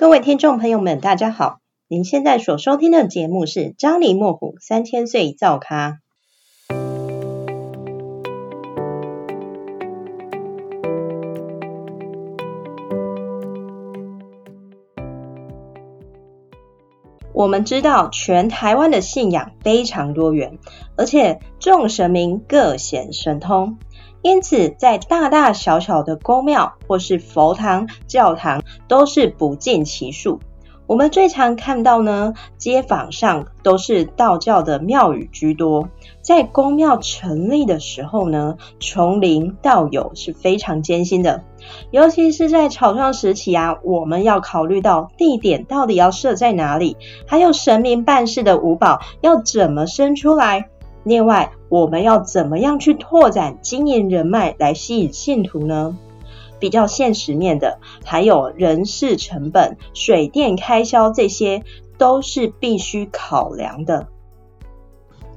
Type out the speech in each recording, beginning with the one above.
各位聽眾朋友們，大家好！您現在所收聽的節目是張李莫府三千歲造卡。 我們知道，全台灣的信仰非常多元，而且眾神明各顯神通。因此，在大大小小的宮廟或是佛堂、教堂都是不計其數。我們最常看到呢，街坊上都是道教的廟宇居多。在宮廟成立的時候呢，從零到有是非常艱辛的，尤其是在草創時期啊，我們要考慮到地點到底要設在哪裡，還有神明辦事的五寶要怎麼生出來。另外，我們要怎麼樣去拓展經營人脈來吸引信徒呢？比較現實面的，還有人事成本、水電開銷這些，都是必須考量的。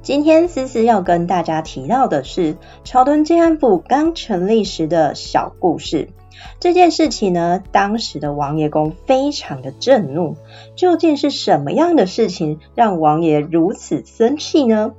今天絲絲要跟大家提到的是，草屯進安府剛成立時的小故事。這件事情呢，當時的王爺公非常的震怒。究竟是什麼樣的事情讓王爺如此生氣呢？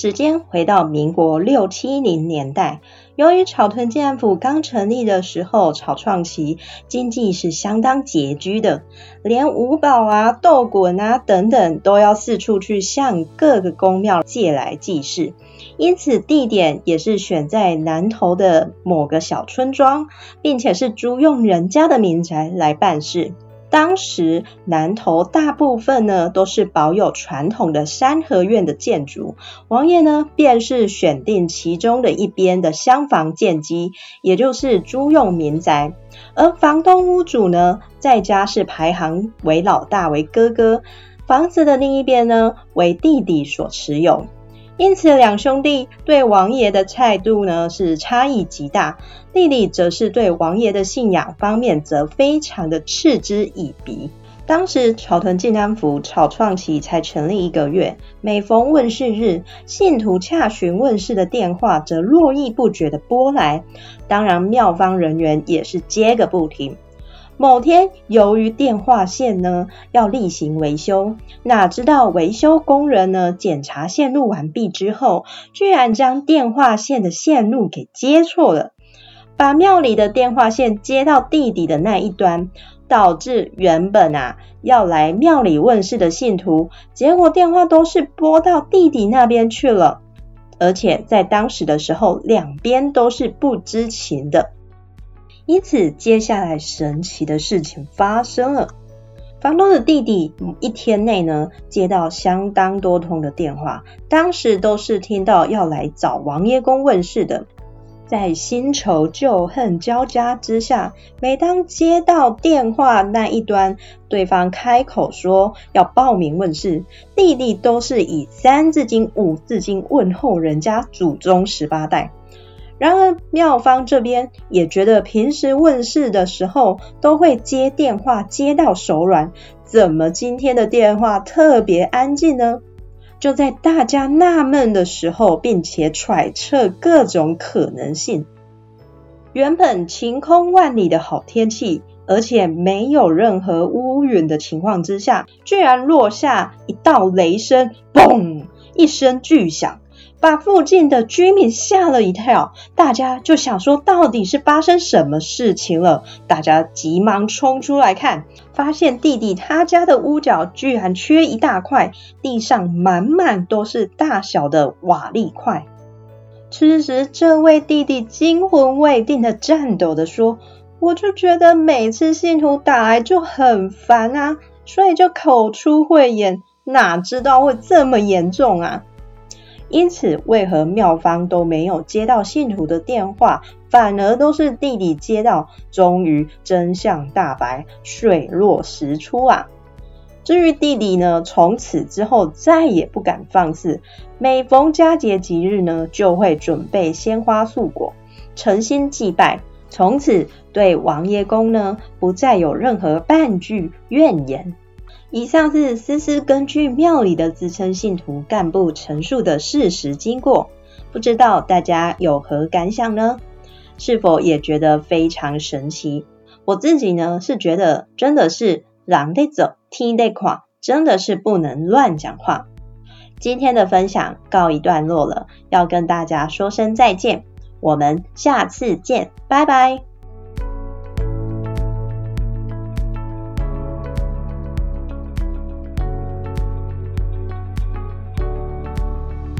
時間回到民國六七零年代，由於草屯進安府剛成立的時候，草創期經濟是相當拮據的，連五寶啊、斗滾啊等等，都要四處去向各個宮廟借來祭祀，因此地點也是選在南投的某個小村莊，並且是租用人家的民宅來辦事。當時南投大部分呢都是保有傳統的三合院的建築，王爺呢便是選定其中的一邊的廂房建基，也就是租用民宅，而房東屋主呢在家是排行為老大為哥哥，房子的另一邊呢為弟弟所持有。因此，兩兄弟對王爺的態度呢是差異極大。莉莉則是對王爺的信仰方面則非常的嗤之以鼻。當時草屯進安府，草創期才成立一個月，每逢問世日，信徒洽詢問世的電話則絡繹不絕地撥來，當然廟方人員也是接個不停。某天，由於電話線呢要例行維修，哪知道維修工人呢檢查線路完畢之後，居然將電話線的線路給接錯了，把廟裡的電話線接到弟弟的那一端，導致原本啊要來廟裡問事的信徒，結果電話都是撥到弟弟那邊去了，而且在當時的時候，兩邊都是不知情的。因此，接下來神奇的事情發生了。房東的弟弟一天內呢，接到相當多通的電話，當時都是聽到要來找王爺公問事的。在新仇舊恨交加之下，每當接到電話那一端，對方開口說要報名問事，弟弟都是以三字經、五字經問候人家祖宗十八代。然而廟方這邊也覺得平時問事的時候都會接電話接到手軟，怎麼今天的電話特別安靜呢？就在大家納悶的時候，並且揣測各種可能性，原本晴空萬里的好天氣，而且沒有任何烏雲的情況之下，居然落下一道雷聲，嘣一聲巨響。把附近的居民嚇了一跳，大家就想說到底是發生什麼事情了？大家急忙衝出來看，發現弟弟他家的屋角居然缺一大塊，地上滿滿都是大小的瓦礫塊。此時，這位弟弟驚魂未定的顫抖的說：“我就覺得每次信徒打來就很煩啊，所以就口出穢言，哪知道會這麼嚴重啊！”因此，為何廟方都沒有接到信徒的電話，反而都是弟弟接到？終於真相大白，水落石出啊！至於弟弟呢，從此之後再也不敢放肆。每逢佳節吉日呢，就會準備鮮花素果，誠心祭拜。從此對王爺公呢，不再有任何半句怨言。以上是思思根據廟裡的自稱信徒幹部陳述的事實經過，不知道大家有何感想呢？是否也覺得非常神奇？我自己呢是覺得真的是人得走，天得看，真的是不能亂講話。今天的分享告一段落了，要跟大家說聲再見，我們下次見，拜拜。